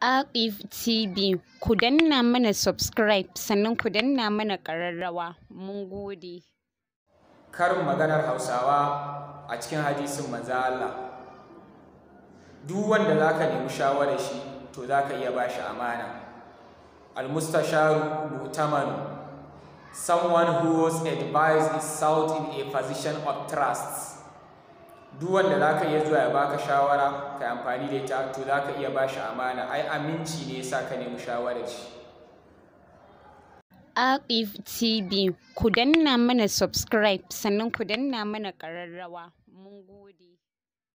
Aqif TV ku danna mana subscribe sannan ku danna mana ƙararrawa mun gode. Karin maganar Hausawa a cikin hadisin manza Allah. Duk wanda zaka ka nemi shawarar shi to zaka iya ba shi amana. Almustasharu mu'taman Someone who was advised is sought in a position of trust. duk wanda za ka iya zuwa ya baka shawara ka amfani da ita to za ka iya ba shi amana ai aminci ne sa ka nemi shawarar shi Aqif TV ku danna mana subscribe sannan ku danna mana ƙararrawa mun gode